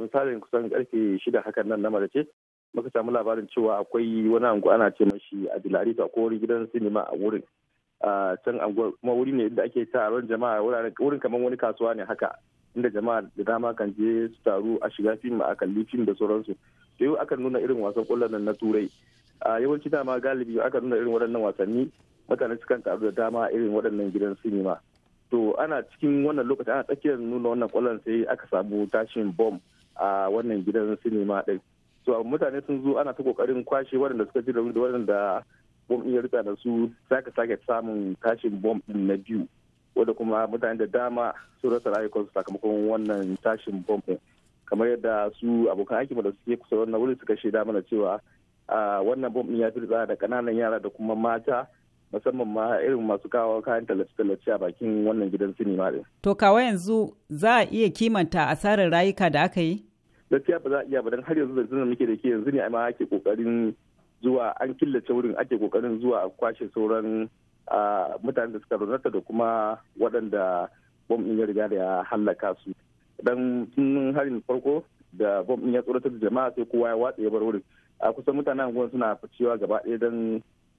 misalin kusan karfe shida hakan nan na marace muka samu labarin cewa akwai wani ango ana ce mashi a dilari ko kori gidan sinima a wurin a can anguwar kuma wuri ne inda ake taron jama'a wuraren wurin kamar wani kasuwa ne haka inda jama'a da dama kan je su taru a shiga fim a kalli fim da sauransu to yau aka nuna irin wasan kwallon nan na turai a yawanci dama galibi aka nuna irin waɗannan wasanni mutane sukan taru da dama irin waɗannan gidan sinima to ana cikin wannan lokacin ana tsakiyar nuna wannan kwallon sai aka samu tashin bom a wannan gidan sinima din so mutane sun zo ana ta kokarin kwashe waɗanda suka ji rauni da waɗanda bom ɗin ya rika da su sake sake samun tashin bom ɗin na biyu wanda kuma mutane da dama su rasa rayukan su sakamakon wannan tashin bom ɗin kamar yadda su abokan aiki da suke kusa wannan wuri suka shaida mana cewa wannan bom ɗin ya fi da kananan yara da kuma mata musamman ma irin masu kawo kayan tallace-tallace a bakin wannan gidan sinima ɗin. To kawa yanzu za a iya kimanta asarar rayuka da aka yi? gaskiya ba za a iya ba dan har yanzu da da muke da ke yanzu ne ma ake kokarin zuwa an killace wurin ake kokarin zuwa a kwashe sauran mutanen da suka raunata da kuma waɗanda bom ɗin ya riga da ya hallaka su dan tun harin farko da bom ɗin ya tsoratar da jama'a sai kowa ya watsa ya bar wurin a kusan mutanen anguwan suna ficewa gaba ɗaya dan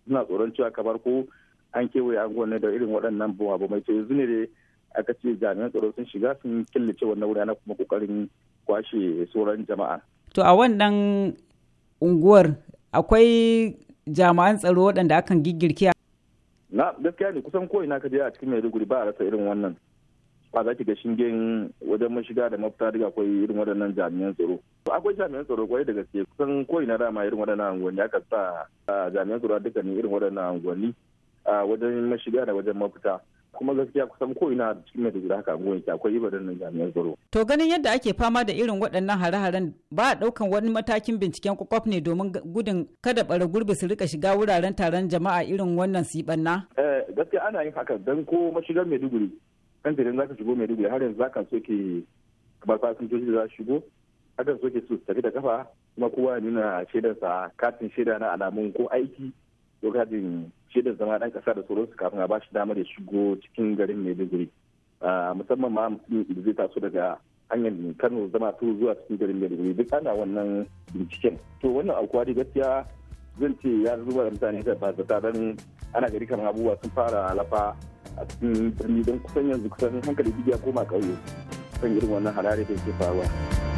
suna tsoron cewa kamar ko an kewaye anguwan ne da irin waɗannan boma mai ce yanzu ne dai aka ce jami'an tsaro sun shiga sun killace wannan wuri ana kuma kokarin kwashe sauran jama'a to a wannan unguwar akwai jami'an tsaro waɗanda akan giggirke na gaskiya ne kusan ko ina ka je a cikin maiduguri ba a rasa irin wannan ba za ki ga shingen wajen mashiga da mafita duk akwai irin waɗannan jami'an tsaro akwai jami'an tsaro kwaye da gaske kusan ko ina dama irin waɗannan unguwanni aka sa jami'an tsaro dukkanin irin waɗannan unguwanni a wajen mashiga da wajen mafita kuma gaskiya kusan ko ina cikin da da haka goyi yake akwai ibadan nan jami'an tsaro. To ganin yadda ake fama da irin waɗannan hare-haren ba a ɗaukan wani matakin binciken kwakwaf ne domin gudun kada bara gurbi su rika shiga wuraren taron jama'a irin wannan su ɓanna. Eh, gaskiya ana yin haka dan ko mashigar Maiduguri kan tirin ka shigo Maiduguri har yanzu zaka soke kamar fasinjoji da za su shigo hakan soke su tafi da kafa kuma kowa ya nuna shaidarsa katin shaida na alamun ko aiki lokacin shaidar zama dan kasa da sauransu kafin a bashi damar ya shigo cikin garin maiduguri musamman ma mutum da zai taso daga hanyar kano zama su zuwa cikin garin maiduguri duk ana wannan binciken to wannan aukuwari gaskiya zan ce ya zuba da mutane da ba ta don ana gari kamar abubuwa sun fara alafa a cikin birni don kusan yanzu kusan hankali bidiya koma kauye kan irin wannan harare da ke faruwa.